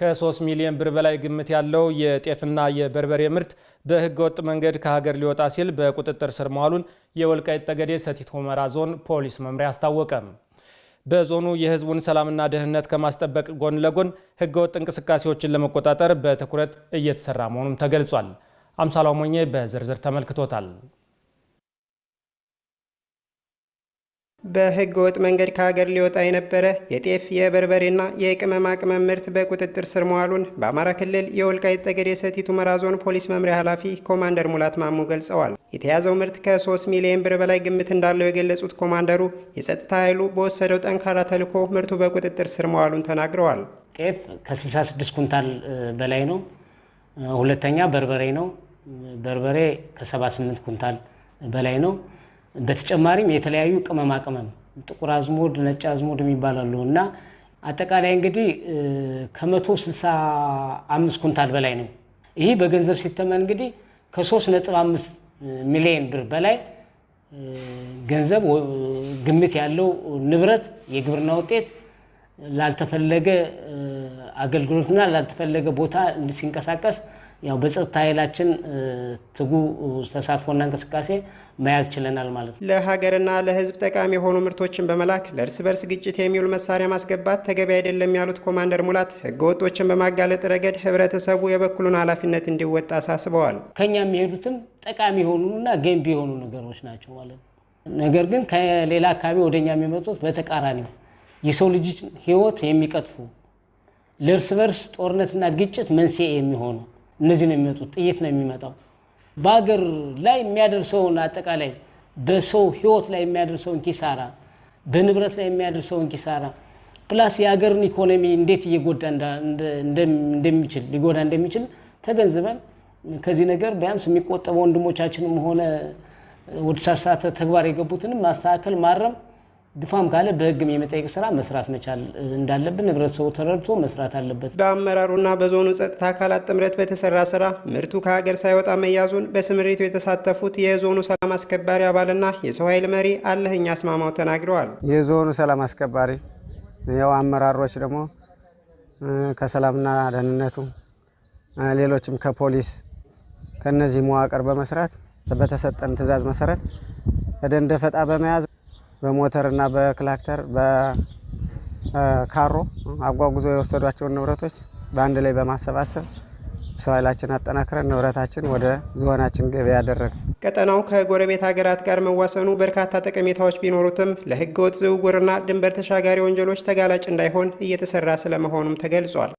ከ3 ሚሊዮን ብር በላይ ግምት ያለው የጤፍና የበርበሬ ምርት በህገ ወጥ መንገድ ከሀገር ሊወጣ ሲል በቁጥጥር ስር መዋሉን የወልቃይት ጠገዴ ሰቲት ሁመራ ዞን ፖሊስ መምሪያ አስታወቀ። በዞኑ የህዝቡን ሰላምና ደህንነት ከማስጠበቅ ጎን ለጎን ህገ ወጥ እንቅስቃሴዎችን ለመቆጣጠር በትኩረት እየተሰራ መሆኑን ተገልጿል። አምሳላ ሞኜ በዝርዝር ተመልክቶታል። በሕገ ወጥ መንገድ ከሀገር ሊወጣ የነበረ የጤፍ የበርበሬና የቅመማ ቅመም ምርት በቁጥጥር ስር መዋሉን በአማራ ክልል የወልቃይት ጠገዴ ሰቲት ሁመራ ዞን ፖሊስ መምሪያ ኃላፊ ኮማንደር ሙላት ማሙ ገልጸዋል። የተያዘው ምርት ከ3 ሚሊዮን ብር በላይ ግምት እንዳለው የገለጹት ኮማንደሩ የጸጥታ ኃይሉ በወሰደው ጠንካራ ተልዕኮ ምርቱ በቁጥጥር ስር መዋሉን ተናግረዋል። ጤፍ ከ66 ኩንታል በላይ ነው። ሁለተኛ በርበሬ ነው። በርበሬ ከ78 ኩንታል በላይ ነው። በተጨማሪም የተለያዩ ቅመማ ቅመም ጥቁር አዝሙድ፣ ነጭ አዝሙድ የሚባላሉ እና አጠቃላይ እንግዲህ ከ አምስት ኩንታል በላይ ነው። ይህ በገንዘብ ሲተመን እንግዲህ ከ አምስት ሚሊዮን ብር በላይ ገንዘብ ግምት ያለው ንብረት የግብርና ውጤት ላልተፈለገ አገልግሎትና ላልተፈለገ ቦታ ሲንቀሳቀስ ያው በጸጥታ ኃይላችን ትጉ ተሳትፎና እንቅስቃሴ መያዝ ችለናል ማለት ነው። ለሀገርና ለሕዝብ ጠቃሚ የሆኑ ምርቶችን በመላክ ለእርስ በርስ ግጭት የሚውል መሳሪያ ማስገባት ተገቢ አይደለም ያሉት ኮማንደር ሙላት ሕገ ወጦችን በማጋለጥ ረገድ ህብረተሰቡ የበኩሉን ኃላፊነት እንዲወጣ አሳስበዋል። ከኛ የሚሄዱትም ጠቃሚ የሆኑና ገንቢ የሆኑ ነገሮች ናቸው ማለት ነው። ነገር ግን ከሌላ አካባቢ ወደኛ የሚመጡት በተቃራኒው የሰው ልጅ ሕይወት የሚቀጥፉ ለእርስ በርስ ጦርነትና ግጭት መንስኤ የሚሆኑ እነዚህ ነው የሚመጡት። ጥይት ነው የሚመጣው። በሀገር ላይ የሚያደርሰውን አጠቃላይ በሰው ህይወት ላይ የሚያደርሰውን ኪሳራ፣ በንብረት ላይ የሚያደርሰውን ኪሳራ ፕላስ የሀገርን ኢኮኖሚ እንዴት እየጎዳ እንደሚችል ሊጎዳ እንደሚችል ተገንዝበን ከዚህ ነገር ቢያንስ የሚቆጠበ ወንድሞቻችንም ሆነ ወደ ሳሳተ ተግባር የገቡትንም ማስተካከል ማረም ድፋም ካለ በህግም የመጠየቅ ስራ መስራት መቻል እንዳለብን ህብረተሰቡ ተረድቶ መስራት አለበት። በአመራሩና በዞኑ ጸጥታ አካላት ጥምረት በተሰራ ስራ ምርቱ ከሀገር ሳይወጣ መያዙን በስምሪቱ የተሳተፉት የዞኑ ሰላም አስከባሪ አባልና የሰው ኃይል መሪ አለህኝ አስማማው ተናግረዋል። የዞኑ ሰላም አስከባሪ ያው አመራሮች ደግሞ ከሰላምና ደህንነቱ ሌሎችም ከፖሊስ ከነዚህ መዋቅር በመስራት በተሰጠን ትዕዛዝ መሰረት ደንደፈጣ በመያዝ በሞተርና በክላክተር በካሮ አጓጉዞ የወሰዷቸውን ንብረቶች በአንድ ላይ በማሰባሰብ ሰው ኃይላችን አጠናክረን ንብረታችን ወደ ዞናችን ገበያ ያደረገ። ቀጠናው ከጎረቤት ሀገራት ጋር መዋሰኑ በርካታ ጠቀሜታዎች ቢኖሩትም ለሕገወጥ ዝውውርና ድንበር ተሻጋሪ ወንጀሎች ተጋላጭ እንዳይሆን እየተሰራ ስለመሆኑም ተገልጿል።